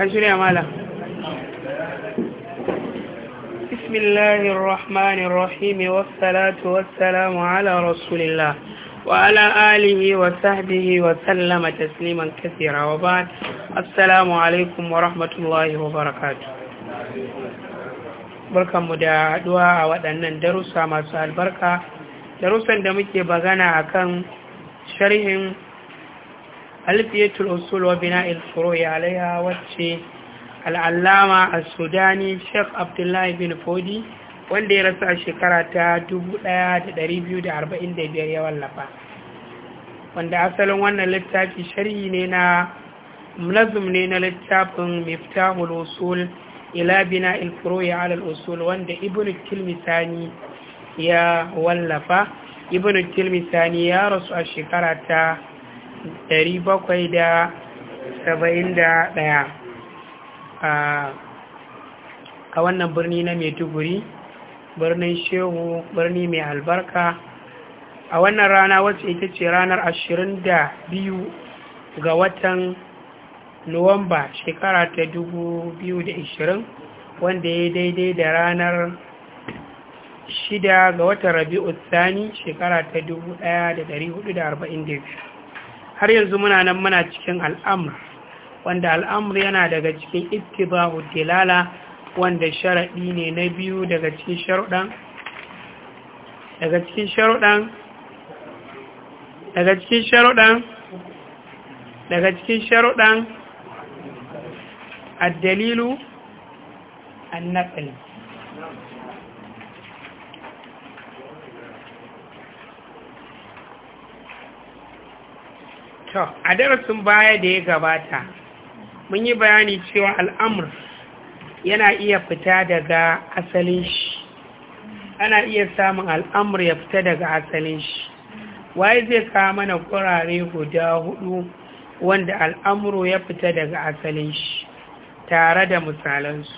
kan shi ne amala bismillahir rahmanir rahim wa da addu'a a waɗannan darussa masu albarka darussan da muke bagana akan sharhin alfiyatul usul wa bina'il furu'i alaiha wacce al'allama al-sudani sheikh abdullahi bin fodi wanda ya rasu a shekara ta 1245 ya wallafa wanda asalin wannan littafi sharhi ne na mulazum ne na littafin miftahul usul ila bina al-furu'i ala usul wanda ibn kilmisani ya wallafa ibn kilmisani ya rasu a shekara ta ɗaya, a wannan birni na maiduguri birnin shehu birni mai albarka a wannan rana wacce ita ce ranar 22 ga watan nuwamba shekara ta 2020 wanda ya daidai da ranar 6 ga watan rabi'u tsani shekara ta 1442 har yanzu muna nan muna cikin al'amur wanda al'amur yana daga cikin ittiba'u dilala wanda sharaɗi ne na biyu daga cikin sharuɗan daga cikin sharuɗan daga cikin sharuɗan daga to a darasin baya da ya gabata mun yi bayani cewa al'amur yana iya fita daga asalin shi ana iya samun al'amur ya fita daga asalin shi waye zai kawo mana kurare guda hudu wanda al'amur ya fita daga asalin shi tare da misalansu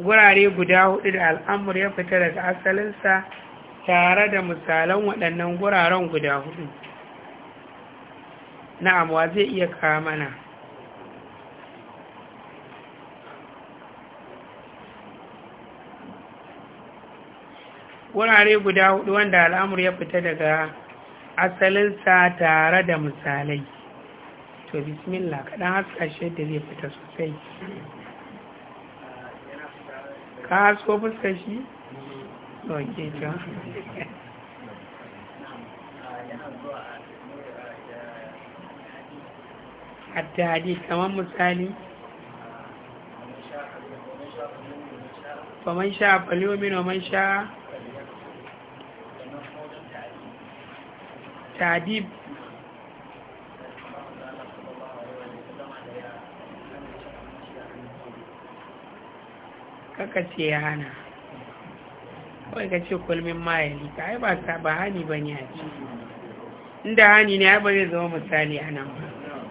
gurare guda hudu da al'amur ya fita daga asalinsa tare da misalan waɗannan guraren guda hudu na'am wa zai iya kawo mana wurare guda hudu wanda al'amur ya fita daga asalinsa tare da misalai to bismillah kaɗan haska shi da zai fita sosai ka hasko fuskar shi? ok, التهديد كمان مثالي فمن شاء فليؤمن ومن شاء تعذيب kaka ce ya hana kawai ka ce kulmin mayali ka ai ba hani ba ne a ci inda hani ne ai ba zai zama misali a nan ba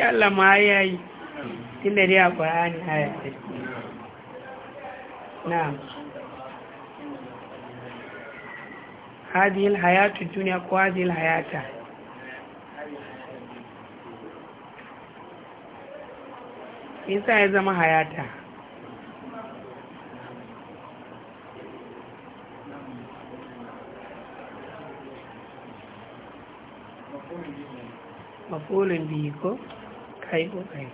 yalla mayai kile ria kwaani haya naam hadi hayatu dunia kwa hadi hayata insa zama hayata mafuulu ndiko ka yi ƙoƙari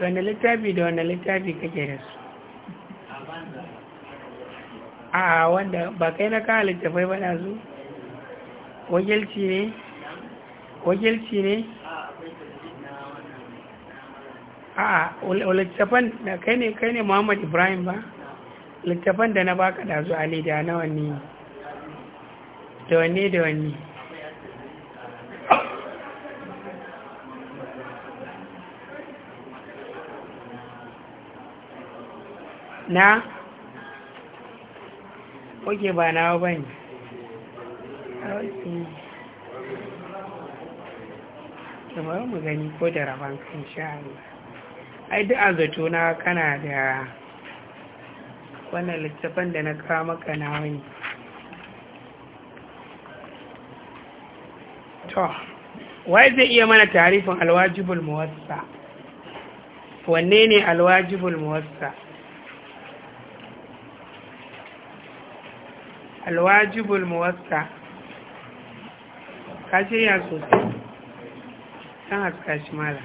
wanda littafi da wanda littafi kake da su a wanda ba kai na kawo littafai ba na su wakilci ne wakilci ne a littafan da kai ne kai ne muhammad ibrahim ba littafan da na baka da su ali da na wanne da wanne da wanne na oke ba na ba ne kamar mu gani ko da rabon kan sha'ani ai duk a zato na kana da wannan littafan da na kawo maka na wani to wai zai iya mana tarifin alwajibul muwassa wanne ne alwajibul muwassa alwajibul muwassa ka ya sosai don haska shi mala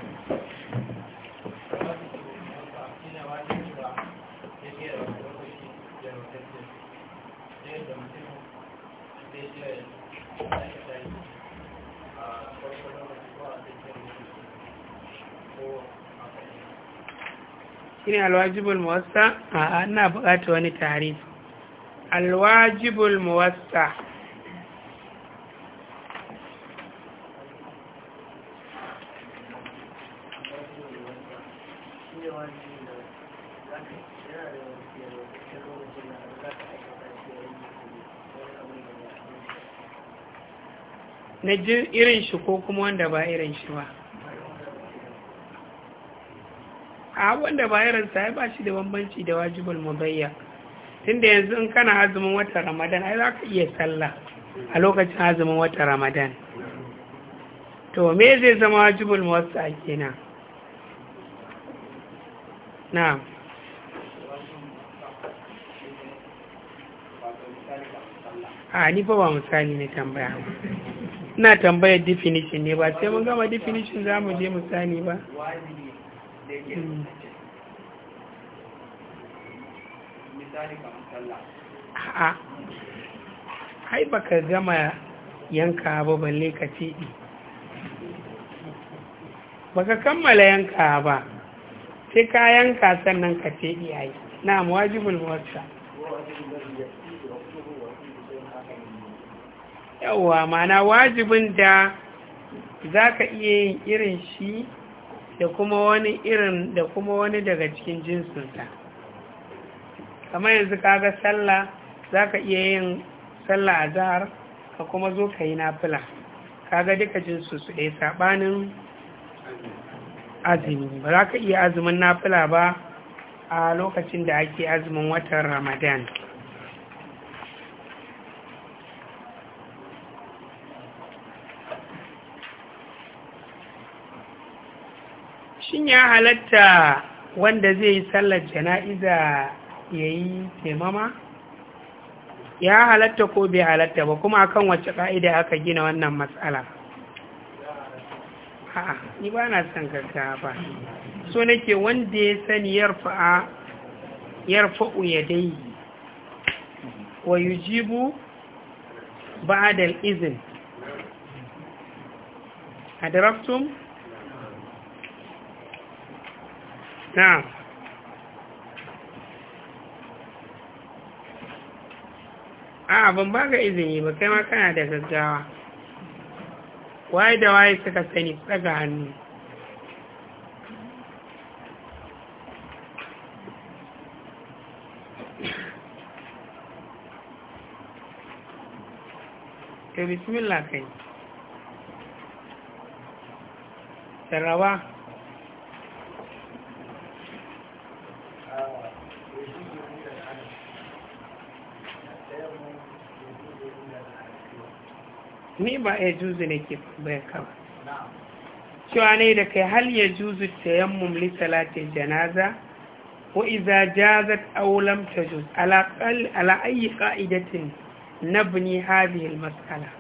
shine alwajibul muwassa a ana bukata wani tarihi الواجب الموسع na irin shi ko kuma wanda ba irin shi ba a wanda ba irin sa ya ba shi da bambanci da wajibul mubayyak tunda yanzu in kana azumin watan ramadan ai za ka iya sallah a lokacin azumin wata ramadan to me zai zama wajibul muwassa kenan na a ni fa ba misali ne tambaya ina tambaya definition ne ba sai mun gama definition za mu je misali ba misali kamar a'a ai baka gama yanka ba balle ka Ba baka kammala yanka ba sai ka yanka sannan ka iya yi na wajibul muwatta yawwa mana wajibin da za ka iya yin irin shi da kuma wani irin da kuma wani daga cikin jinsinsa kamar yanzu kaga sallah za ka iya yin sallah a jihar ka kuma zo ka yi nafila kaga duka jinsu su ɗaya saɓanin azumi ba za ka iya azumin nafila ba a lokacin da ake azumin watan ramadan shin ya halatta wanda zai yi sallar jana'iza ya yi ya halatta ko bai halatta ba kuma akan wace ka'ida aka gina wannan matsala a'a ni ba na son gaggawa ba so nake wanda ya sani yarfa'a yarfa'u ya dai wa yujibu ba'da al-izn adraftum na'am a ban ba ga izini ba kai ma kana da gaggawa waye da waye suka sani daga hannu to bismillah kai sarrawa ni ba ya juzu ne ke bai kawa cewa ne da kai hal ya juzu tayammum li salatin janaza ko iza jazat aw ta tajuz ala ayi ka'idatin na nabni hadhihi al mas'ala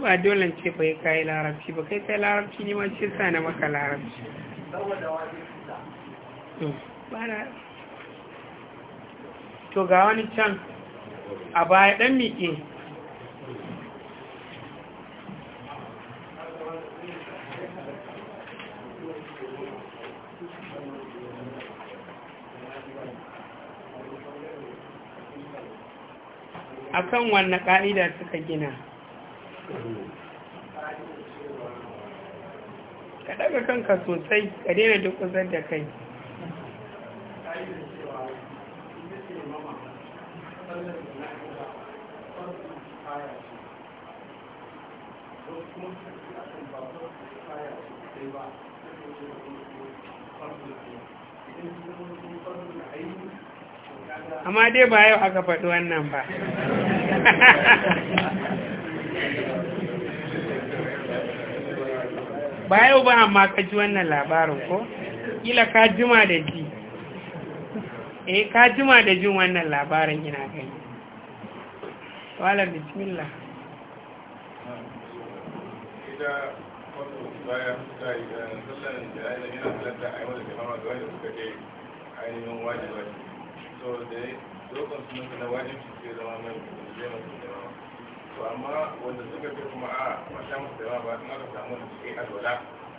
ba dole ce fa ka yi larabci ba kai kai larabci ne ma ce sa na maka larabci to ga wani can a baya dan miƙe akan wannan ƙa'ida suka gina ka daga kanka sosai ka daina dukusar da kai amma dai ba yau aka faɗi wannan ba ba yau ba amma ka ji wannan labarin ko kila ka jima da ji eh ka jima da jin wannan labarin ina gani wala bismillah da baya da sallan da ainihin halatta a yau da jama'a da wanda suka je ainihin wajibi so da dokon sunan na wajibi ke zama mai zai masu to amma wanda suka ce kuma a masha da ba kuma ka samu da suke alwala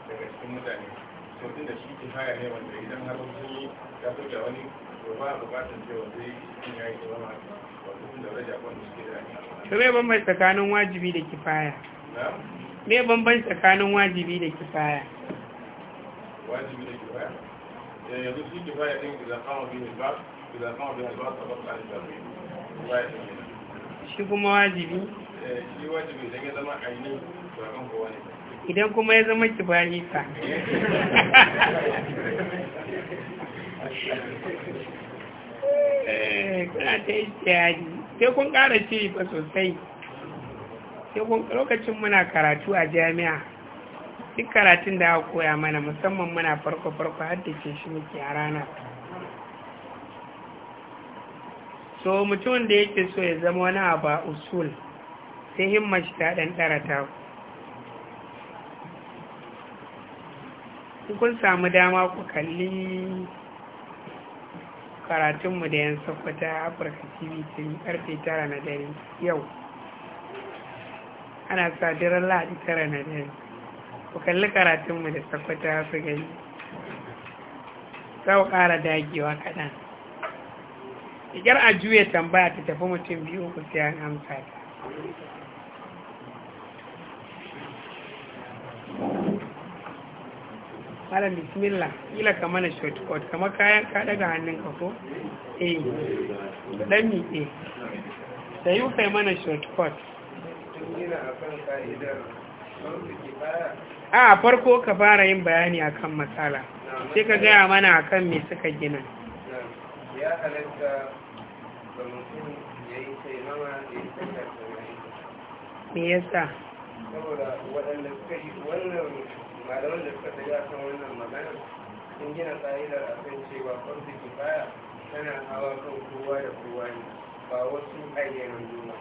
daga cikin mutane to tun da shi haya ne wanda idan har sun yi ya kuce wani to ba bukatar cewa yi sun yayi da wani wato tun da raja wanda suke da ni to me bambanci tsakanin wajibi da kifaya me bambanci tsakanin wajibi da kifaya wajibi da kifaya eh, yanzu shi kifaya din idan kama bihin ba idan kama bihin ba ta ba ta shi kuma wajibi shi kuma idan ya zama ainihin ba kowa ne idan kuma ya zama eh, ta sai kun ƙara ce ba sosai lokacin muna karatu a jami'a duk karatun da aka koya mana musamman muna farko-farko har da ke shi muke a rana so mutum da yake so ya zama wani abu a usul sai himma shi ta ɗan ɗara ta kun samu dama ku kalli karatunmu da yan sakwata afirka tv tun karfe tara na dare yau ana sadirar lahadi tara na dare ku kalli karatunmu da sakwata su gani sau ƙara dagewa kaɗan idan a juya tambaya ta tafi mutum biyu ku sai an amsa ta malam bismillah kila ka mana shortcut kamar kayan ka daga hannun ka ko eh dan miƙe sai yi kai mana shortcut a farko ka fara yin bayani akan matsala sai ka gaya mana akan me suka gina ya halatta da mutum ya yi taimama ya yi taimama me yasa saboda waɗanda suka yi wannan malaman da suka tafi akan wannan magana sun gina ƙa'idar a kan cewa farzi kifaya tana hawa kan kowa da kowa ne ba wasu ayyanan juna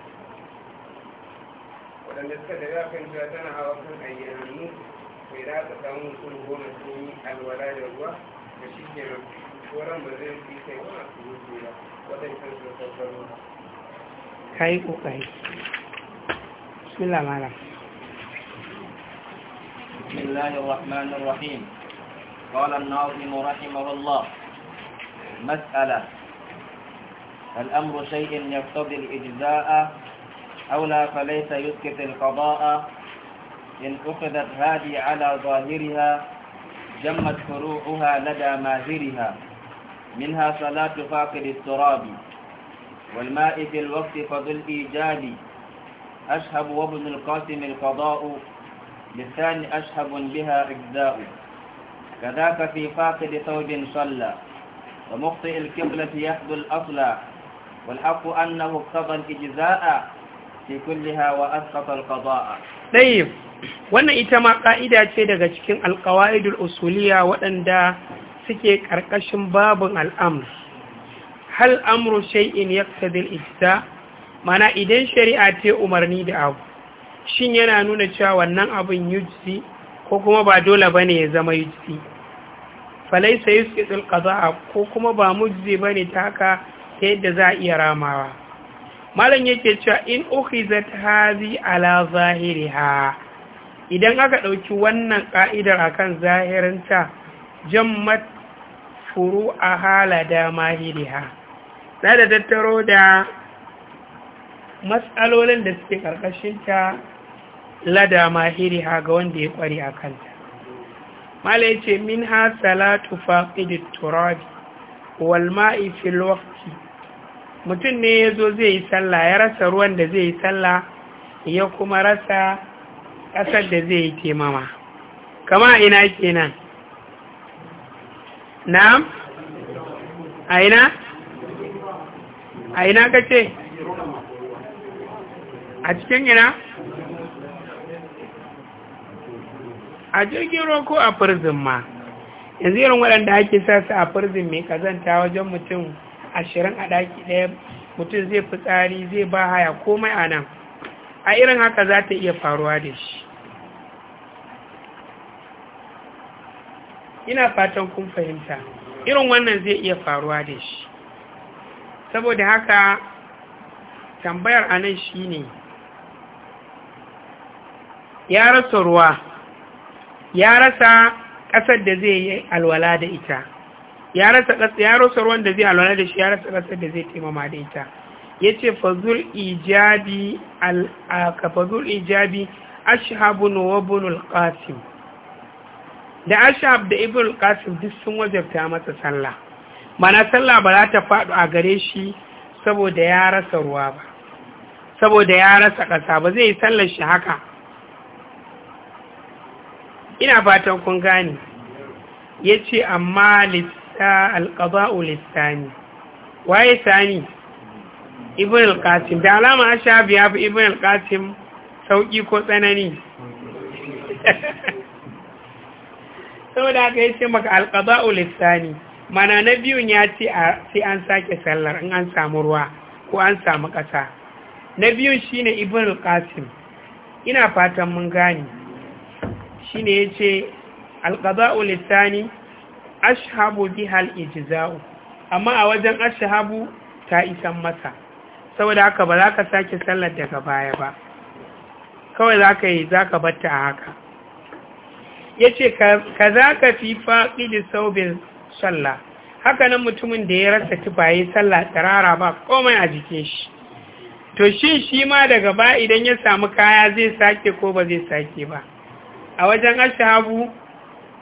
waɗanda suka tafi kan cewa tana hawa kan ayyanan mu mai da aka samu mutum goma sun yi alwala da ruwa da shi kenan sauran ba zai fi kai wani su rufe ba waɗancan sun sassaro ka yi ƙoƙari bismillah malam بسم الله الرحمن الرحيم قال الناظم رحمه الله مسألة الأمر شيء يقتضي الإجزاء أو لا فليس يسكت القضاء إن أخذت هذه على ظاهرها جمت فروعها لدى ماهرها منها صلاة فاقد التراب والماء في الوقت فضل إيجاد أشهب وابن القاسم القضاء لسان أشهب بها إجزاء كذاك في فاقد ثوب صلى ومخطئ القبلة يحدو الأصلى والحق أنه اقتضى الإجزاء في كلها وأسقط القضاء طيب wannan ita ma ƙa'ida ce daga cikin alƙawa'idul usuliya waɗanda suke ƙarƙashin babin al'amur hal amru shay'in yaqtadil ijza mana idan shari'a ce umarni da abu shin yana nuna cewa wannan abin yujzi ko kuma ba dole ba ne ya zama yujzi falaisa yusqitul qada'a ko kuma ba mujzi bane ta haka ta yadda za a iya ramawa malam yake cewa in ukhizat hazi ala zahiriha idan aka ɗauki wannan ƙa'idar ka'idar akan zahirinta jammat hala halada mahiliha na da tattaro da matsalolin da suke ƙarƙashinta lada mahiri ha ga wanda ya kware a kanta mala ya ce min ha salatu faƙidin turabi walma'i filwakti mutum ne ya zo zai yi sallah ya rasa ruwan da zai yi sallah ya kuma rasa ƙasar da zai yi taimama kama ina kenan na'am a ina a ina kace a cikin ina a jirgin ruwa ko a firzin ma yanzu irin waɗanda ake sa su a firzin mai kazanta wajen mutum ashirin a ɗaki ɗaya mutum zai fi tsari zai ba haya komai a nan a irin haka za ta iya faruwa da shi ina fatan kun fahimta irin wannan zai iya faruwa da shi saboda haka tambayar anan shi ne ya rasa ruwa ya rasa ƙasar da zai yi alwala da ita ya rasa ruwan da zai alwala da shi ya rasa ƙasar da zai taimama da ita ya ce fazul ijabi ka fazul ijabi ashabun wabunul qasim da ashab da ibn qasim duk sun wajabta masa sallah mana sallah ba za ta faɗo a gare shi saboda ya rasa ruwa ba saboda ya rasa ƙasa ba zai yi sallar shi haka ina fatan kun gane ya ce amma alƙaba'u lissani waye sani ibn al-qasim da alama a ashabi ya fi ibn al-qasim sauƙi ko tsanani Sau da aka yi ce maka alƙaba'u lissani mana na biyun ya ce sai an sake sallar in an samu ruwa ko an samu ƙasa na biyun shine ibn al-qasim ina fatan mun gane shi ne ya ce alƙaza'u lissani ashabu bihal ijiza'u amma a wajen ashabu ta isan masa saboda haka ba za ka sake sallar daga baya ba kawai za ka yi za ka batta a haka ya ce ka za ka fi faɗi da saubin sallah haka mutumin da ya rasa tufaye sallah tsirara ba komai a jikin shi to shin shi ma daga baya idan ya samu kaya zai sake ko ba zai sake ba a wajen ashabu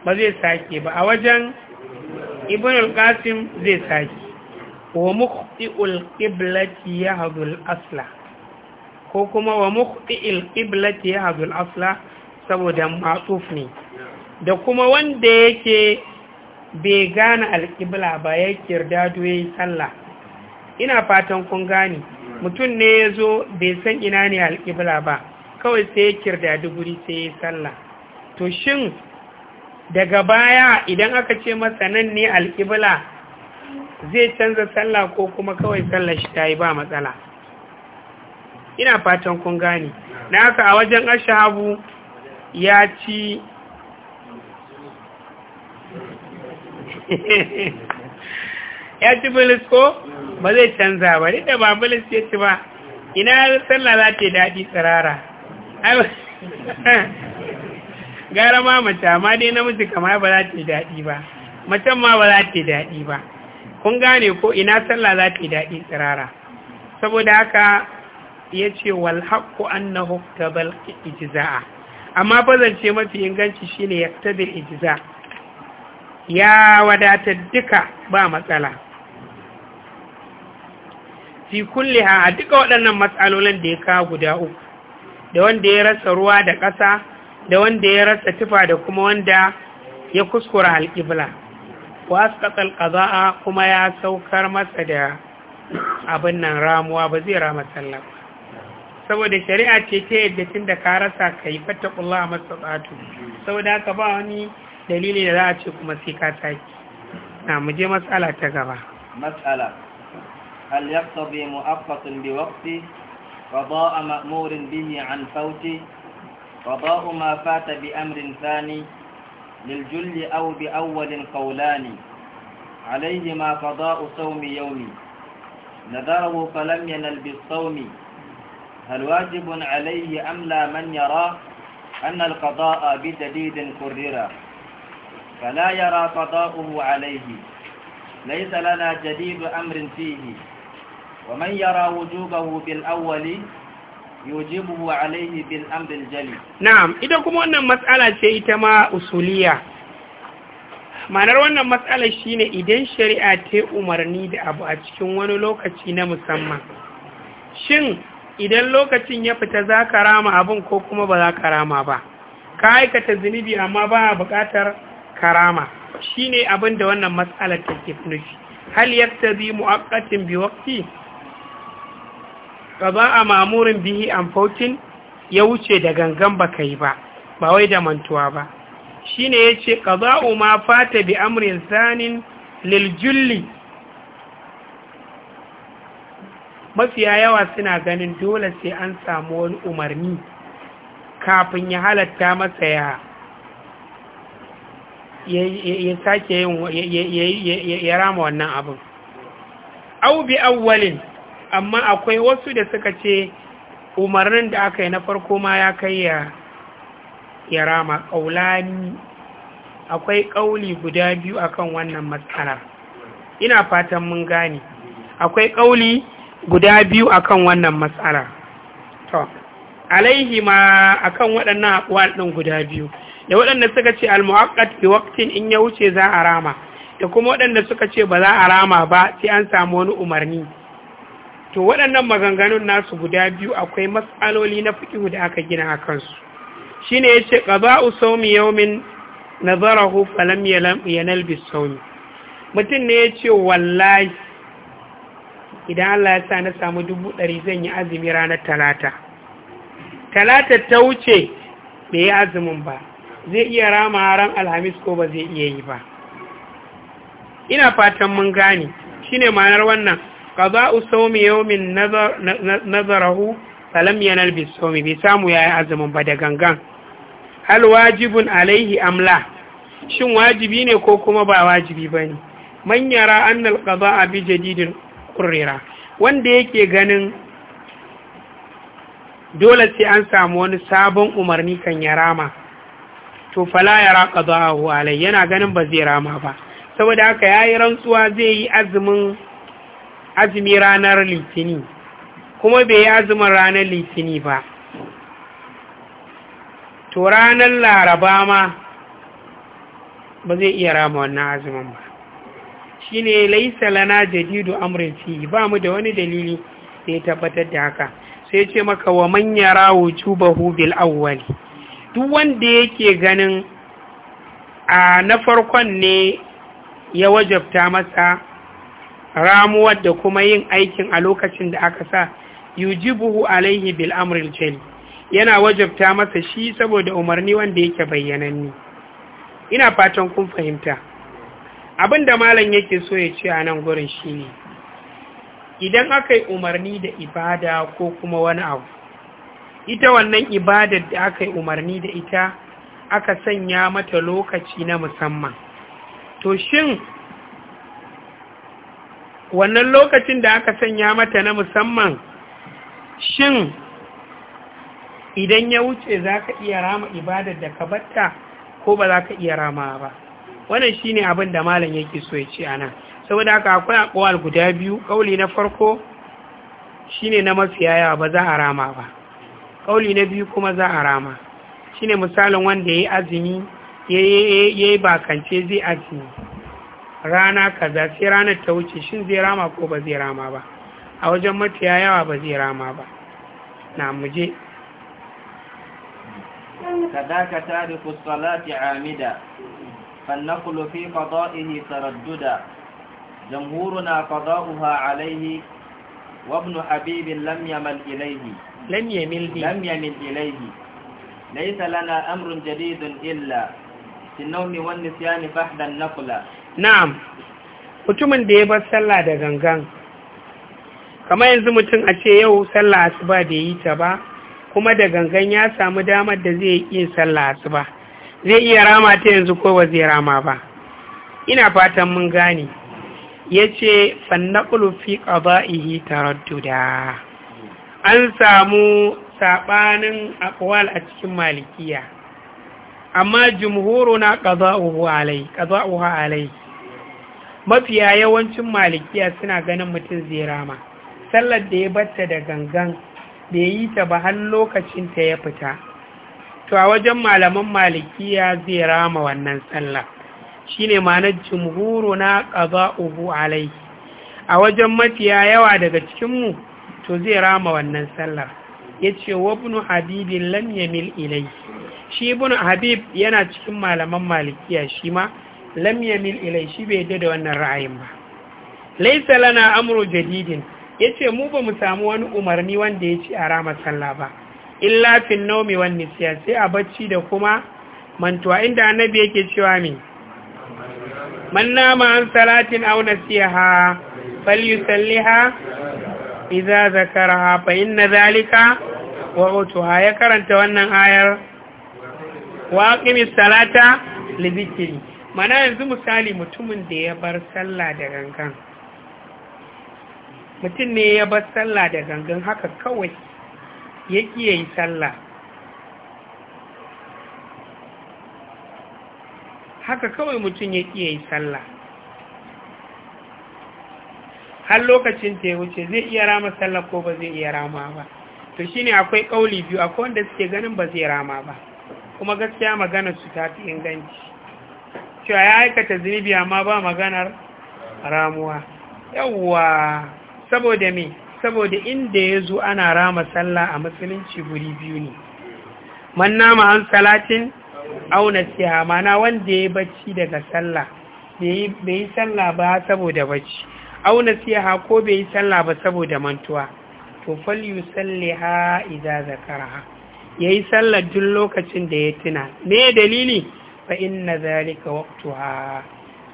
ba zai sake ba a wajen ibn al-qasim zai sake wa muqti'ul qiblati yahdhu al-asla ko kuma wa muqti'il qiblati yahdhu al-asla saboda matsuf ne da kuma wanda yake bai gane alƙibla ba ya kirda doye sallah ina fatan kun gane mutum ne ya zo bai san ina ne alƙibla ba kawai sai ya kirda duguri sai ya sallah to shin daga baya idan aka ce masa nan ne alƙibla zai canza sallah ko kuma kawai sallar shi ta yi ba matsala ina fatan kun gane na haka a wajen ashabu ya ci ya ci bilis ko ba zai canza ba da ba bilis ya ci ba ina sallah za ta yi daɗi tsirara gara ma mace amma dai namiji kamar ba za ta yi daɗi ba macen ma ba za ta yi daɗi ba kun gane ko ina sallah za ta yi daɗi tsirara saboda haka ya ce wal haqqu annahu tabal ijza'a amma bazance mafi inganci shine da ijza ya wadatar duka ba matsala fi kulliha a duka waɗannan matsalolin da ya kawo guda uku da wanda ya rasa ruwa da ƙasa da wanda ya rasa tufa da kuma wanda ya kuskura alƙibla wa asqatal qada'a kuma ya saukar masa da abin nan ramuwa ba zai rama sallah saboda shari'a ce ta yadda tunda ka rasa kai fattaqullaha mastata'tu saboda haka ba wani dalili da za a ce kuma sai ka saki na mu je matsala ta gaba matsala hal yaqtabi mu'aqqatun bi waqti qada'a ma'murin biyu an fawti قضاء ما فات بأمر ثاني للجل أو بأول قولان عليهما قضاء صوم يومي نذره فلم ينل بالصوم هل واجب عليه أم لا من يرى أن القضاء بجديد كرر فلا يرى قضاؤه عليه ليس لنا جديد أمر فيه ومن يرى وجوبه بالأول yujibuhu alaihi bil amril jali na'am ita kuma wannan matsala ce ita ma usuliya ma'anar wannan matsalar shine idan shari'a ta umarni da abu a cikin wani lokaci na musamman shin idan lokacin ya fita za ka rama abin ko kuma ba za ka rama ba ka aikata zunubi amma ba a buƙatar karama shine abin da wannan matsalar take nufi hal yaktazi mu'aqqatin bi waqti za a mamurin bihi an fautin ya wuce da gangan ba ka yi ba ba wai da mantuwa ba shi ne ya ce ka za a ma fata bi amurin zanin liljulli mafiya yawa suna ganin dole sai an samu wani umarni kafin ya halatta masa ya ya sake yin ya rama wannan abin au bi awwalin amma akwai wasu da suka ce umarnin da aka yi na farko ma ya kai ya ya rama ƙaulani akwai ƙauli guda biyu akan wannan matsalar ina fatan mun gane akwai ƙauli guda biyu akan wannan matsalar to alaihi ma akan waɗannan akwal din guda biyu da waɗanda suka ce almu'aqqat bi waqtin in ya wuce za a rama da kuma waɗanda suka ce ba za a rama ba sai an samu wani umarni to waɗannan maganganun nasu guda biyu akwai matsaloli na fiƙi da aka gina a kansu shi ne ya ce ƙaba'u saumi yaumin hu falam yanal bis saumi mutum ne ya ce wallahi idan Allah ya sa na samu dubu ɗari zan yi azumi ranar talata talata ta wuce bai yi azumin ba zai iya rama ran alhamis ko ba zai iya yi ba ina fatan mun gane ne ma'anar wannan qada'u sawmi yawmin nazarahu falam yanal bisawmi bi samu yayi azumin ba da gangan hal wajibun alaihi amla shin wajibi ne ko kuma ba wajibi bane man yara annal qada'a bi jadidin qurrira wanda yake ganin dole sai an samu wani sabon umarni kan yarama, to fala yara raka zuwa alai yana ganin ba zai rama ba saboda haka ya yi rantsuwa zai yi azumin azumi ranar litini kuma bai yi azumin ranar litini ba to ranar laraba ma ba zai iya rama wannan azumin ba shi ne laisa lana jadidu amurin fi ba mu da wani dalili da ya tabbatar da haka sai ce maka wa manya rawo jubahu bil awwali duk wanda yake ganin a na farkon ne ya wajabta masa ramuwar da kuma yin aikin a lokacin da aka sa yujibuhu alaihi bil amril jali yana wajabta masa shi saboda umarni wanda yake bayyananni ina fatan kun fahimta Abinda malam yake so ya ce a nan gurin shine idan aka yi umarni da ibada ko kuma wani abu ita wannan ibadar da aka yi umarni da ita aka sanya mata lokaci na musamman to shin wannan lokacin da aka sanya mata na musamman shin idan ya wuce za ka iya rama ibadar da ka batta ko ba za ka iya rama ba wannan shine abin da malam yake so ya ce ana saboda haka akwai akwai guda biyu kauli na farko shine na mafiyaya ba za a rama ba kauli na biyu kuma za a rama Shi ne misalin wanda ya yayi azumi yi bakance zai azumi rana kaza sai ranar ta wuce shin zai ko ba zai ba a wajen matiya yawa ba zai ba na muje kadaka tariku salati amida fannakulu fi qada'ihi taradduda jamhuruna qada'uha alayhi wa ibn habib lam yamal ilayhi lam yamil lam yamil ilayhi laysa lana amrun jadidun illa tinawmi wan nisyani fahdan naqla na'am mutumin da ya bar sallah da gangan kamar yanzu mutum a ce yau sallah asuba bai yi ta ba kuma da gangan ya samu damar da zai yi sallah asuba zai iya rama ta yanzu ko ba zai rama ba ina fatan mun gane ya ce fannaqulu fi qada'ihi taradduda an samu saɓanin akwal a cikin malikiya amma jumhuruna na alai qada'uha alai mafiya yawancin malikiya suna ganin mutum zai rama sallar da ya batta da gangan da ya yi ta ba har lokacin ta ya fita to a wajen malaman malikiya zai rama wannan sallar, shine ma'anar jumhuru na ubu alai a wajen mafiya yawa daga cikinmu to zai rama wannan sallar yace wa ibn habib lam yamil ilai shi bunu habib yana cikin malaman malikiya shi ma lam yamil ilai shi bai yadda da wannan ra'ayin ba laisa lana amru jadidin yace mu ba mu samu wani umarni wanda ya ci a rama sallah ba illa fil nawmi wan nisya sai a bacci da kuma mantuwa inda annabi yake cewa min man nama an salatin aw nasiha falyusalliha idza zakaraha fa inna zalika wa'utuha ya karanta wannan ayar wa aqimi salata li dhikri mana yanzu misali mutumin da ya bar sallah da gangan mutum ne ya bar sallah da gangan haka kawai ya kiye yi sallah haka kawai mutum ya kiye yi sallah har lokacin ta ya wuce zai iya rama sallah ko ba zai iya rama ba to shine akwai kauli biyu akwai wanda suke ganin ba zai rama ba kuma gaskiya magana su ta fi inganci cewa ya aikata zunubi amma ba maganar ramuwa yawwa saboda me saboda inda ya zo ana rama sallah a musulunci guri biyu ne man nama an salatin auna siya mana wanda ya bacci daga sallah bai yi sallah ba saboda bacci auna siya ko bai yi sallah ba saboda mantuwa to falyu salli ha idan zakara ha ya yi sallar duk lokacin da ya tuna me dalili fa inna zalika waqtuha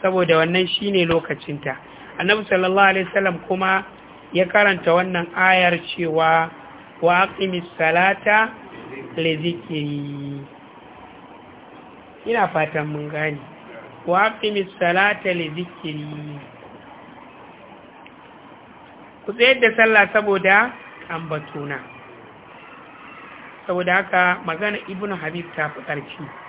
saboda wannan shine lokacinta annabi sallallahu alaihi wasallam kuma ya karanta wannan ayar cewa wa aqimis salata li zikri ina fatan mun gane wa aqimis salata li zikri ku tsayar da sallah saboda ambatuna saboda haka magana ibnu habib ta fi ƙarfi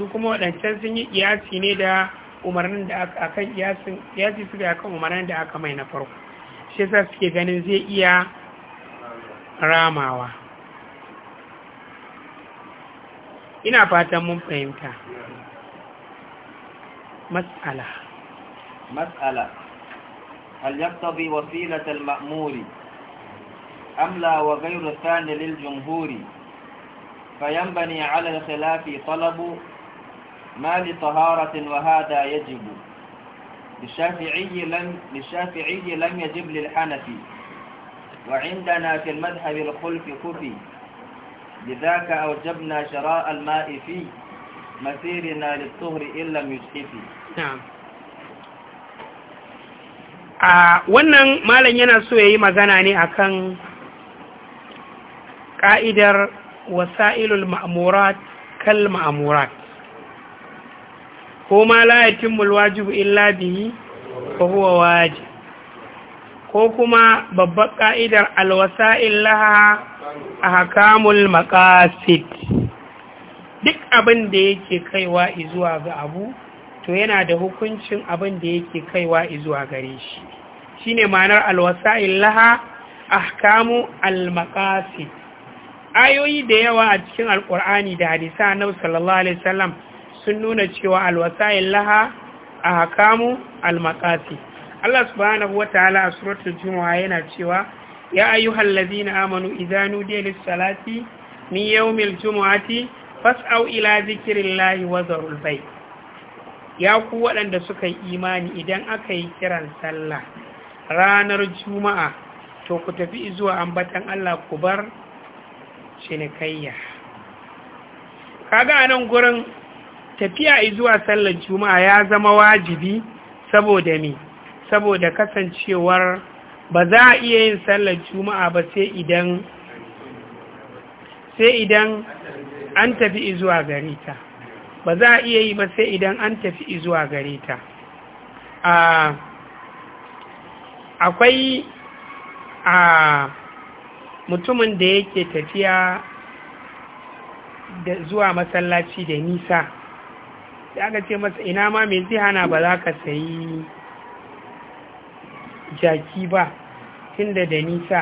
su kuma waɗancan sun yi iyasi ne da umarnin da aka kan ƙiyasin ƙiyasi suka akan umarnin da aka mai na farko shi sa suke ganin zai iya ramawa ina fatan mun fahimta mas'ala mas'ala هل يقتضي وسيلة المأمور أم لا وغير الثاني للجمهور فينبني على الخلاف طلب ما لطهارة وهذا يجب للشافعي لم, للشافعي لم يجب للحنفي وعندنا في المذهب الخلف كفي لذاك أوجبنا شراء الماء في مسيرنا للطهر إن لم يجحفي نعم آه wannan ما لن so ya yi magana ne وسائل المأمورات كالمأمورات ko ma la yatimmu illa bihi ko huwa wajib ko kuma babbar ka'idar alwasa'il laha ahkamul maqasid duk abin da yake kaiwa zuwa ga abu to yana da hukuncin abin da yake kaiwa zuwa gare shi shine ma'anar alwasa'il laha ahkamu almaqasid ayoyi da yawa a cikin alqur'ani da hadisa annabi sallallahu alaihi wasallam sun nuna cewa alwasayin laha a hakamu almakasi Allah subhanahu wa ta'ala a suratul juma'a yana cewa ya ayyuhal ladina amanu idza nudiya salati min yawmil jumu'ati fas'au ila zikrillahi wa zarul bayt ya ku waɗanda suka yi imani idan aka yi kiran sallah ranar juma'a to ku tafi zuwa ambatan Allah ku bar cinikayya kaga anan gurin tafiya zuwa sallar juma'a ya zama wajibi saboda me saboda kasancewar ba za a iya yin sallar juma'a ba sai idan sai idan an tafi zuwa gare ta ba za a iya yi ba sai idan an tafi zuwa gare ta akwai a mutumin da yake tafiya zuwa masallaci da nisa sai aka ce masa ina ma mai hana ba za ka sayi jaki ba tunda da nisa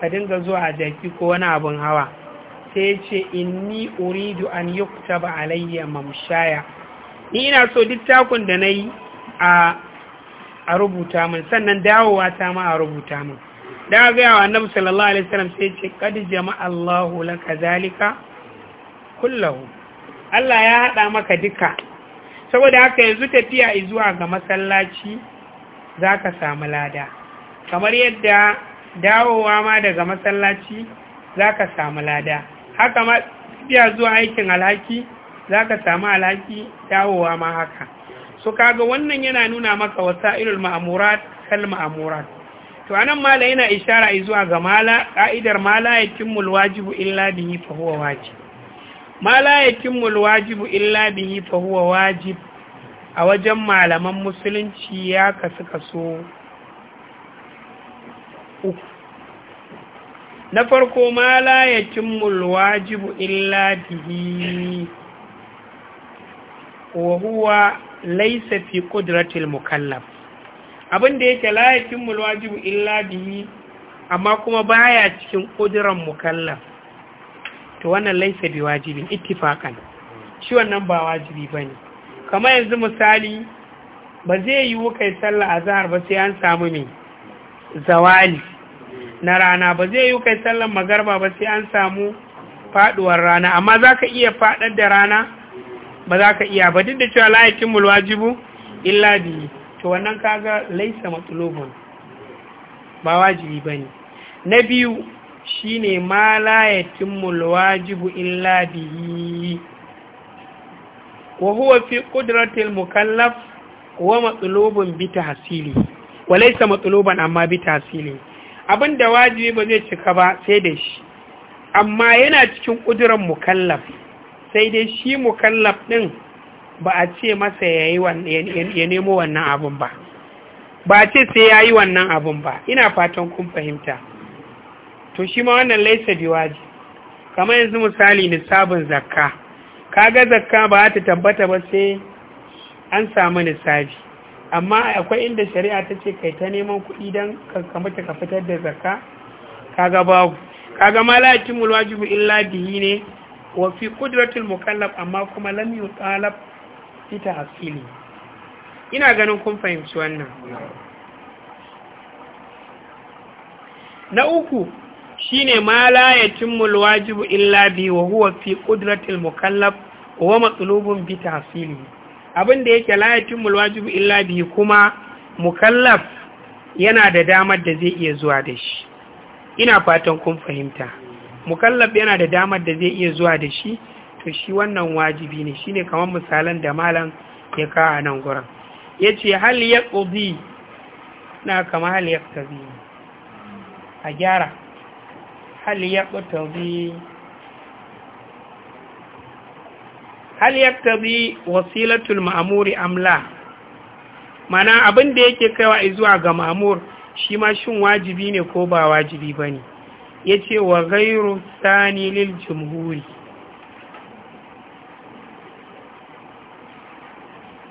ka dinga zuwa a jaki ko wani abin hawa sai ya ce inni uridu an yi ba alayya mamshaya ni ina so duk da na yi a a rubuta min sannan dawowa ta ma a rubuta min da ga yawa annabi sallallahu alaihi wasallam sai ce qad jama'a Allahu laka zalika kullahu Allah ya hada maka duka saboda haka yanzu tafiya zuwa ga masallaci za ka samu lada kamar yadda dawowa ma daga masallaci za ka samu lada haka ma tafiya zuwa aikin alhaki za ka samu alhaki dawowa ma haka so kaga wannan yana nuna maka irin ma'amurat kal ma'amurat to anan mala yana ishara zuwa ga mala ka'idar mala yatimul wajibu illa bihi fa huwa wajib mala yatimul wajibu illa bihi fa huwa wajib a wajen malaman musulunci ya kasu kaso na farko ma la ya cimmul wajibu illa bihi wa huwa laysa fi qudratil mukallaf abinda yake la ya cimmul wajibu illa bihi amma kuma baya cikin kudran mukallaf to wannan laysa bi wajibin ittifaqan shi wannan ba wajibi bane kamar yanzu misali ba zai yi yi sallah a zahar ba sai an samu mai zawali na rana ba zai yi yi sallar magarba ba sai an samu faduwar rana amma za ka iya fadar da rana ba za ka iya ba duk da cewa la'aikin mulwajibu illa biyi to wannan kaga laisa matsalobin ba wajibi ba ne na biyu shine ma la'aikin mulwajibu illa biyi wa huwa fi qudratil mukallaf wa matlubun bi tahsili wa laysa matluban amma bi tahsili abinda wajibi ba zai cika ba sai da shi amma yana cikin kudurar mukallaf sai dai shi mukallaf din ba a ce masa yayi ya nemo wannan abun ba ba a ce sai yayi wannan abun ba ina fatan kun fahimta to shi ma wannan laysa biwaji kamar yanzu misali nisabin zakka kaga zakka ba ta tabbata ba sai an samu nisabi amma akwai inda shari'a ta ce kai ta neman kuɗi don kamata ka fitar da zakka kaga babu kaga malakin mulwajibu illa bihi ne wa fi qudratul mukallaf amma kuma lam yutalab fi tahsili ina ganin kun fahimci wannan na uku shine ma la yatimmu alwajibu illa bi wa huwa fi qudratil mukallaf wa matsulubun bi tahsili abin da yake la mul wajibu illa bihi kuma mukallaf yana da damar da zai iya zuwa da shi ina fatan kun fahimta mukallaf yana da damar da zai iya zuwa da shi to shi wannan wajibi ne shine kamar misalan da malam ya kawo nan gurin yace hal yaqdi na kama hal yaqdi a gyara hal yaqdi hal yaktabi wasilatul ma'muri amla mana abin da yake kaiwa zuwa ga ma'mur shi ma shin wajibi ne ko ba wajibi bane yace wa ghayru thani lil jumhuri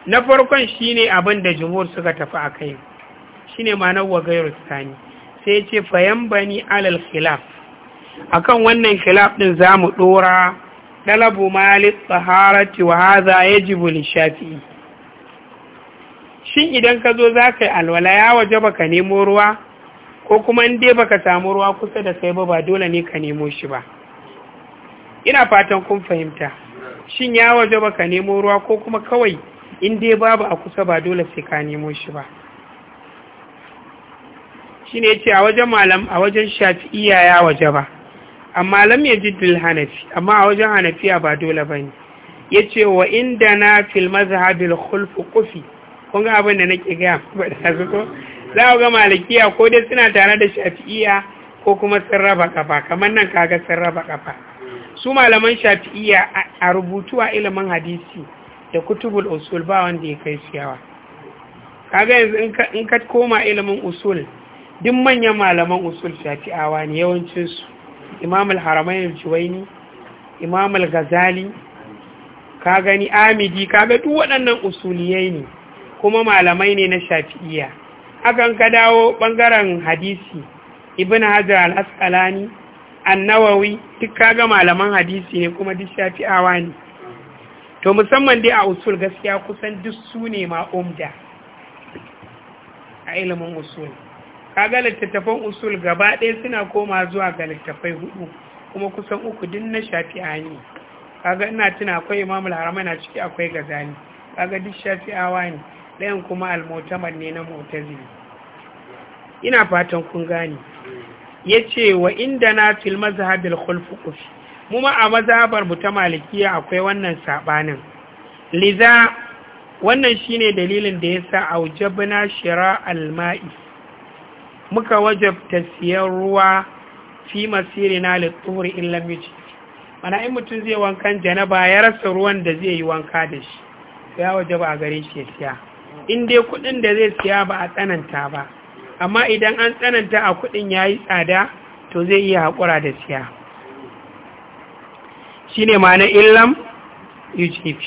na farkon shine abin da jumhur suka tafi akai shine ma'anar wa ghayru thani sai yace fayan bani alal khilaf akan wannan khilaf din zamu dora dalabu mali tsaharati wa haza yajibu shin idan ka zo za ka yi alwala ya waje baka nemo ruwa ko kuma in dai baka samu ruwa kusa da kai ba ba dole ne ka nemo shi ba ina fatan kun fahimta shin ya waje baka nemo ruwa ko kuma kawai in dai babu a kusa ba dole sai ka nemo shi ba shine yace a wajen malam a wajen shafi'iyya ya waje ba amma lam yajidul hanafi amma a wajen hanafiya ba dole bane yace wa inda na fil mazhabil khulf qufi kun ga abin da nake ga ba da su ko za ga malikiya ko dai suna tare da shafi'iya ko kuma sun kafa kamar nan kaga sun kafa su malaman shafi'iya a rubutu a ilimin hadisi da kutubul usul ba wanda ya kai shiyawa kaga yanzu in ka koma ilimin usul duk manyan malaman usul shafi'awa ne yawancinsu imam al-haramain juwaini imam al-ghazali ka gani amidi ka ga duk waɗannan usuliyai ne kuma malamai ne na shafi'iyya hakan ka dawo ɓangaren hadisi ibn hajar al-asqalani annawawi duk ga malaman hadisi ne kuma duk shafi'awa ne to musamman dai a usul gaskiya kusan duk su ne ma umda a ilimin usul kaga littattafan usul gaba ɗaya suna koma zuwa ga littattafai hudu kuma kusan uku din na shafi hani kaga ina tuna akwai imamul harama na ciki akwai gazali kaga duk shafi ne ɗayan kuma almotamar ne na mutazili ina fatan kun gane ya ce wa inda na fil mazhabil khulfuqus mu ma a mazhabar mu ta malikiya akwai wannan sabanin liza wannan shine dalilin da yasa aujabna shira alma'i muka wajabta siyan ruwa fi masiri na littuhuri in lamiji mana in mutum zai wankan janaba ya rasa ruwan da zai yi wanka da shi ya waje ba a gare shi siya in dai kudin da zai siya ba a tsananta ba amma idan an tsananta a kudin ya yi tsada to zai iya haƙura da siya shi ne ma'ana illam ugp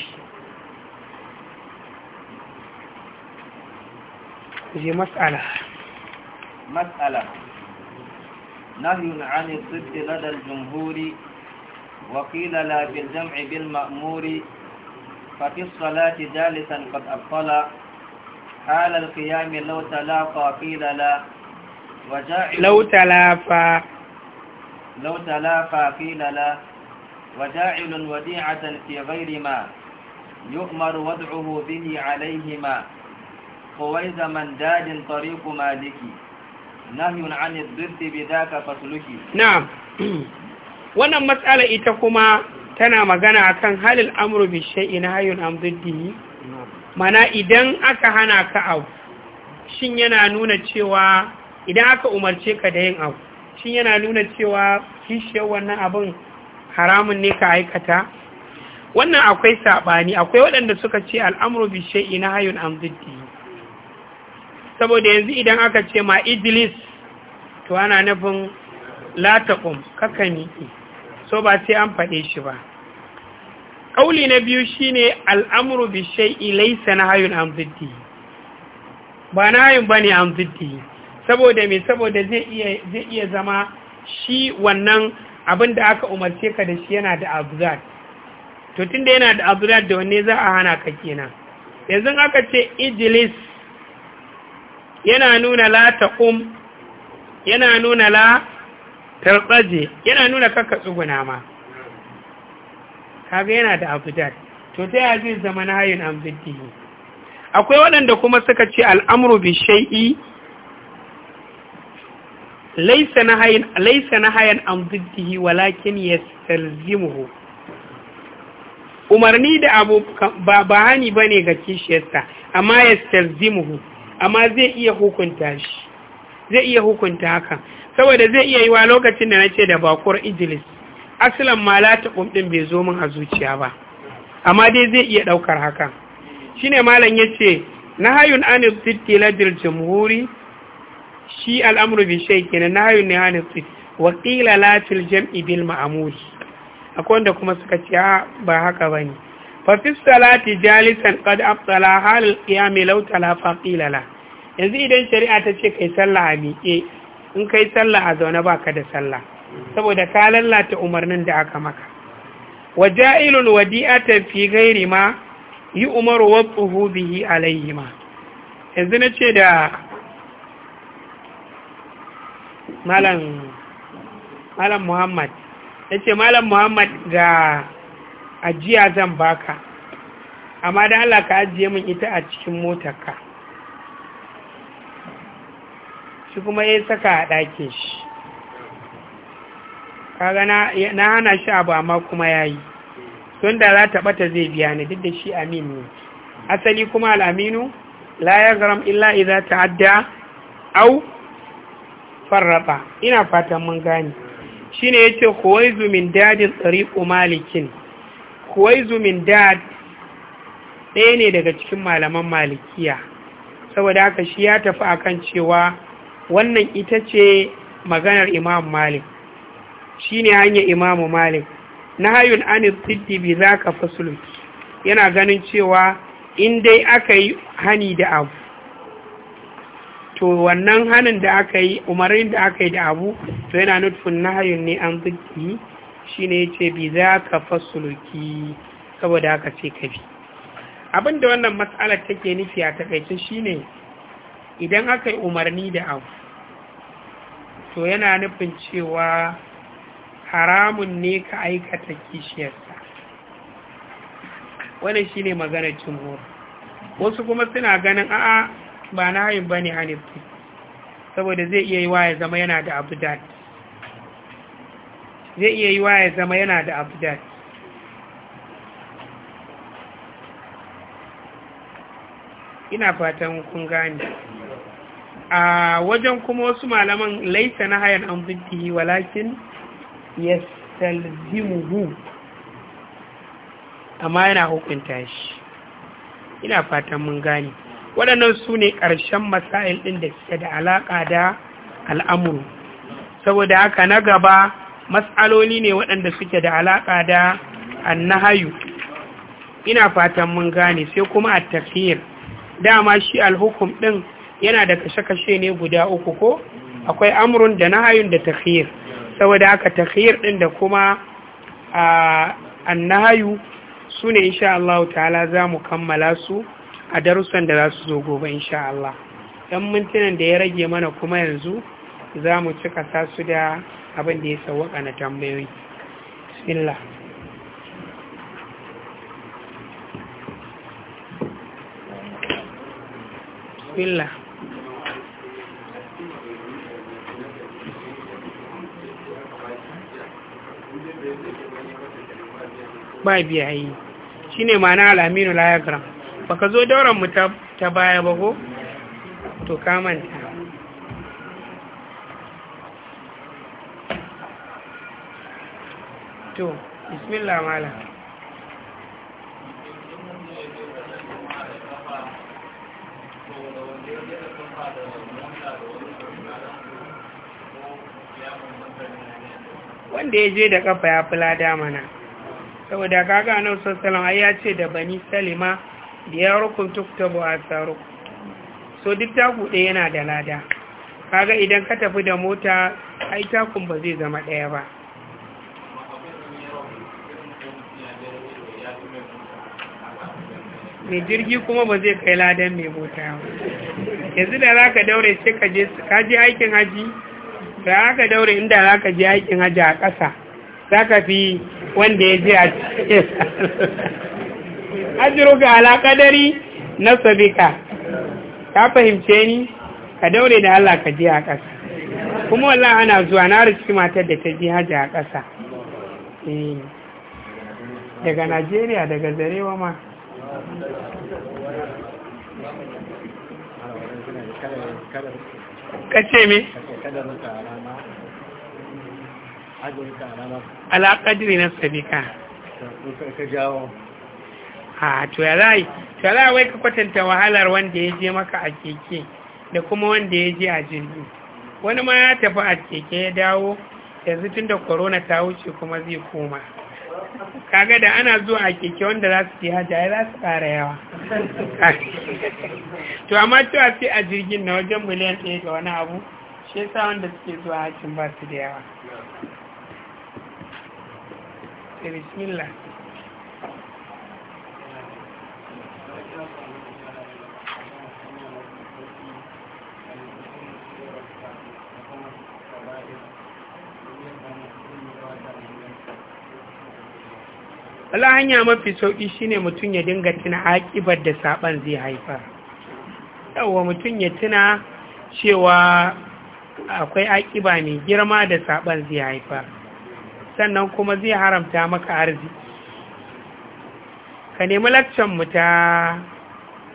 مسألة نهي عن الصدق لدى الجمهور وقيل لا بالجمع بالمأمور ففي الصلاة جالسا قد أبطل حال القيام لو تلاقى قيل لا وجاعل لو تلافى لو تلافى قيل لا وجاعل وديعة في غير ما يؤمر وضعه به عليهما قويز من داد طريق مالكي nahyun anil bai bidaka fasluki Na. wannan matsala ita kuma tana magana a kan halil amru bi na hayyun am diddihi mana idan aka hana ka abu shin yana nuna cewa idan aka umarce ka da yin abu shin yana nuna cewa kishiyar wannan abin haramun ne ka aikata wannan akwai saɓani akwai waɗanda suka ce al'amuru bi na hayyun am diddihi saboda yanzu idan aka ce ma idilis, to ana nufin latakun kakan so ba sai an faɗe shi ba ƙauli na biyu shi ne al'amuru bishai shay'i na hayun an ziddi ba ba ne an ziddi saboda me saboda zai iya zama shi wannan abin da aka umarce ka da shi yana da abzad to tunda yana da abzad da wanne za a hana ka kenan yanzu aka ce idilis. yana nuna la taqum yana nuna la tartsaje yana nuna kakka tsuguna ma kaga yana da abdad to ta ya zai zama na hayin amziddihi akwai waɗanda kuma suka ce al'amru bi shay'i laisa na hayin laisa na hayan amziddihi walakin yastalzimuhu umarni da abu ba hani bane ga kishiyarsa amma yastalzimuhu amma zai iya hukunta shi zai iya hukunta haka saboda zai iya yiwa lokacin da na ce da bakuwar idris asalin ma ta ɗin bai zo min a zuciya ba amma dai zai iya ɗaukar haka shine malam yace ce na hayun anil titti lajil shi al'amru bi shay kenan na hayun ne anil titti wakila latil jam'i bil ma'amuri akwai wanda kuma suka ce ba haka bane fafi salati jalisan qad afsala hal qiyam law tala faqila yanzu idan shari'a ta ce kai sallah a miƙe in kai sallah a zaune baka da sallah saboda ka lallata umarnin da aka maka waja'ilul wadi'ata fi ghairi ma yi umaru wabtuhu bihi alayhi ma yanzu na ce da malam malam muhammad ya ce malam muhammad ga ajiya zan baka amma da Allah ka ajiye min ita a cikin motarka shi kuma ya saka a ɗakin shi kaga na hana shi abu amma kuma ya yi sun da za ta ɓata zai biya ni duk da shi aminu asali kuma al'aminu la ya garam illa iza adda au farraba ina fatan mun gane shine yace kowai zumin dadin tsari malikin kuwaizu min dad ɗaya ne daga cikin malaman malikiya saboda haka shi ya tafi a kan cewa wannan ita ce maganar imam malik shi ne hanyar imamu malik na hayun anis siddi bi za ka yana ganin cewa in dai aka yi hani da abu to wannan hanin da aka yi umarin da aka yi da abu to yana nutfin na hayun ne an zikki shine yace bi za ka fasuluki saboda haka ce ka bi abin da wannan matsalar take nufi a takaice shine idan aka yi umarni da abu to yana nufin cewa haramun ne ka aikata kishiyarsa wannan shine maganar jumhur wasu kuma suna ganin a'a ba na hayin bane hanifi saboda zai iya yi wa ya zama yana da abu dati zai iya yi ya zama yana da abdad ina fatan kun gani a wajen kuma wasu malaman laisa na hayan an zubbihi walakin ya salzimuhu amma yana hukunta shi ina fatan mun gani waɗannan su ne ƙarshen masail ɗin da suke da alaƙa da al'amuru saboda haka na gaba Matsaloli ne waɗanda suke da alaƙa da annahayu ina fatan mun gane sai kuma a tafiyar dama shi alhukum ɗin yana da kashe-kashe ne guda uku ko akwai amrun da nahayun da tafiyar saboda aka tafiyar ɗin da kuma annahayu su ne insha Allah ta'ala za mu kammala su a darussan da za su zo gobe insha Allah ɗan mintunan da ya rage mana kuma yanzu za mu cika su da abin da ya sauwaka na tambayoyi bismillah bismillah ba biya yi shi ne ma na alaminu layagram ba ka zo dauran mu ta baya ba ko to kamanta to bismillah malam wanda ya je da kafa ya fi lada mana saboda kaga na nausar salam ai ya ce da bani salima da ya rukun tuktabu a tsaro so duk taku ɗaya yana da lada kaga idan ka tafi da mota ai takun ba zai zama ɗaya ba mai jirgi kuma ba zai kai ladan mai mota yanzu da za ka daure ce ka je aikin haji da za ka daure inda za ka je aikin haji a ƙasa za ka fi wanda ya je a cikin ajiru ga alaƙadari na sabika ka fahimce ni ka daure da Allah ka je a ƙasa kuma wallah ana zuwa na riski matar da ta je haji a ƙasa eh, daga najeriya daga zarewa ma kace me alaƙadiri na sabika a tuyarai tuyarai wai ka kwatanta wahalar wanda ya je maka a keke da kuma wanda ya je a jirgi wani ma ya tafi a keke ya dawo yanzu tun da korona ta wuce kuma zai koma kaga da ana zuwa a keke wanda za su ke hajji za su ƙara yawa to amma cewa sai a jirgin na wajen miliyan ɗaya ga wani abu shi sa wanda suke zuwa hajjin ba su da yawa Allah hanya mafi sauƙi shine mutum ya dinga tuna aƙibar da saɓan zai haifar. Yawwa mutum ya tuna cewa akwai aƙiba mai girma da saɓan zai haifar. Sannan kuma zai haramta maka arziki. Ka nemi mu ta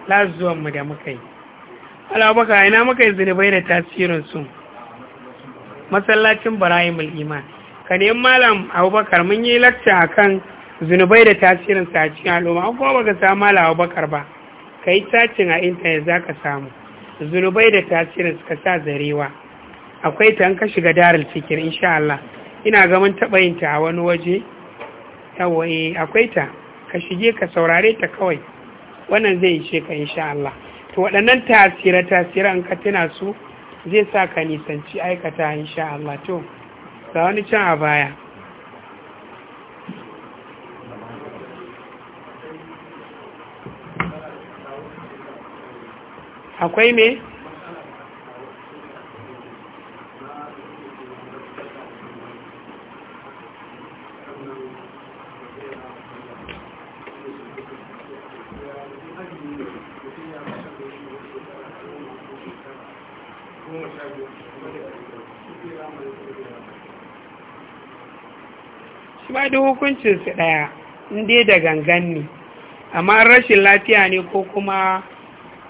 lazuwanmu da muka yi. baka ina muka yi zunubai da tasirinsu. Masallacin Barahimul Iman. Ka nemi Malam Abubakar mun yi lakta akan kan zunubai da tasirin sa a cikin al'umma an kuma baka samu malawa bakar ba ka yi tacin a intanet za ka samu zunubai da tasirin suka sa zarewa akwai ta ka shiga darul cikin insha Allah ina ga taɓa yin ta a wani waje yawa eh, akwai ta ka shige ka saurare ta kawai wannan zai ishe ka insha Allah to waɗannan tasira tasira an ka tuna su zai sa ka nisanci aikata insha Allah to ga wani can a baya akwai me shi ba da hukuncinsu ɗaya inda da gangan ne amma rashin lafiya ne ko kuma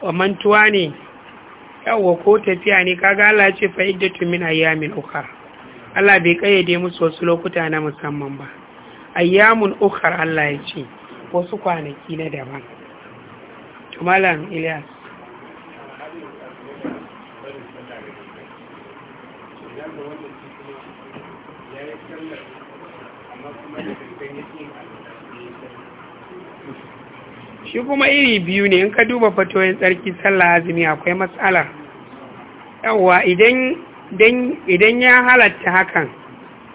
Wa mantuwa ne yawwa ko tafiya ne kaga Allah ce fa iddatu min ayyamin ukhra Allah bai kayyade musu wasu lokuta na musamman ba ayyamun ukar, Allah ya ce wasu kwanaki na daban tumalan malam Ilyas Thank you. shi kuma iri biyu ne in ka duba fatoyin tsarki sallah azumi akwai matsalar yawwa idan ya halatta hakan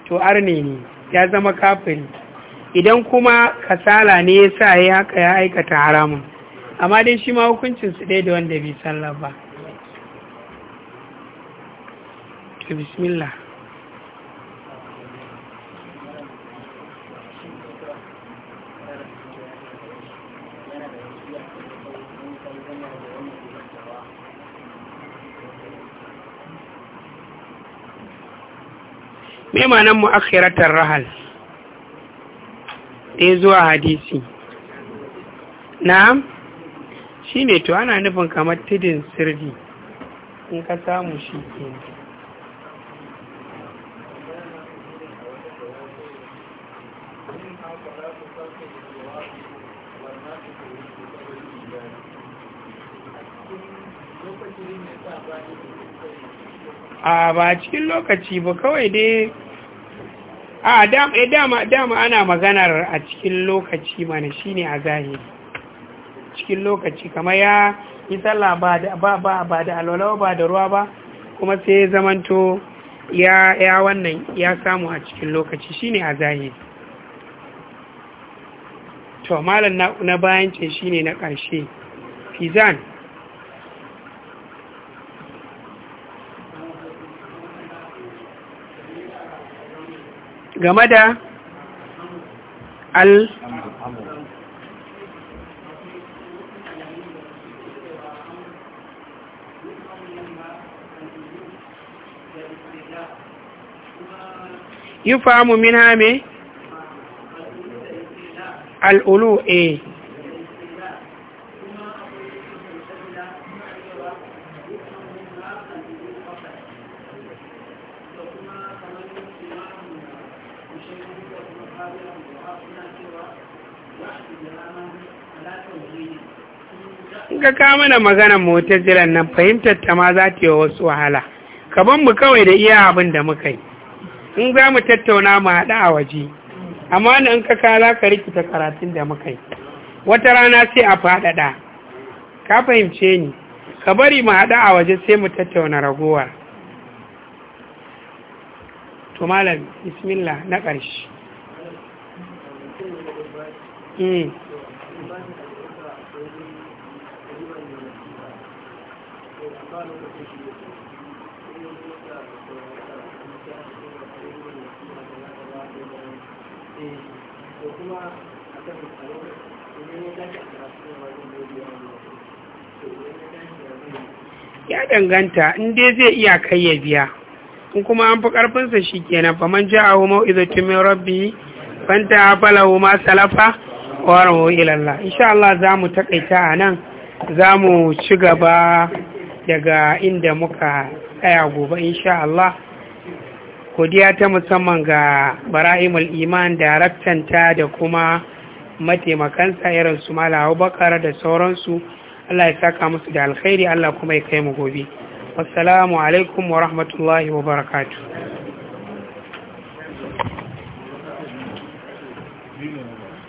to arne ne ya zama kafin idan kuma kasala ne ya sa ya haka ya aikata haramun amma dai shi ma hukuncin su ɗaya da wanda bai sallah ba to bismillah me ma'anar mu'akhiratar rahal e zuwa hadisi Na. shi ne to ana nufin kamar tidin sirri in ka samu shi kenan a ba cikin lokaci ba kawai dai a eh, dama dama ana maganar a cikin lokaci mana shine a zahiri cikin lokaci kamar ya yi tsalla ba da ba ba da ruwa ba kuma sai zamanto ya wannan ya samu a cikin lokaci shine a zahiri to malam na bayan ce shine na ƙarshe fizan game da al yi famu min hame al'ulu e eh. ga ka mana maganar jiran nan fahimtar ta ma za ta yi wasu wahala Ka ban mu kawai da iya abin da muka yi in za mu tattauna mu haɗu a waje amma wani in ka kala ka rikita karatun da muka yi wata rana sai a faɗaɗa ka fahimce ni ka bari mu haɗu a waje sai mu tattauna ragowar tumalar malam bismillah na ƙarshe Mm. ya danganta in dai zai iya kai ya biya in kuma an fi karfinsa shi kenan faman hu mau'izatun min rabbi fanta falahu ma salafa warawo ilallah insha Allah za mu takaita a nan za mu ci gaba daga inda muka tsaya gobe insha Allah godiya ta musamman ga bara'imul iman da raktanta da kuma mataimakansa irin su malawa bakar da sauransu Allah ya saka musu da alkhairi Allah kuma ya kai mu gobe assalamu alaikum wa rahmatullahi wa barakatu.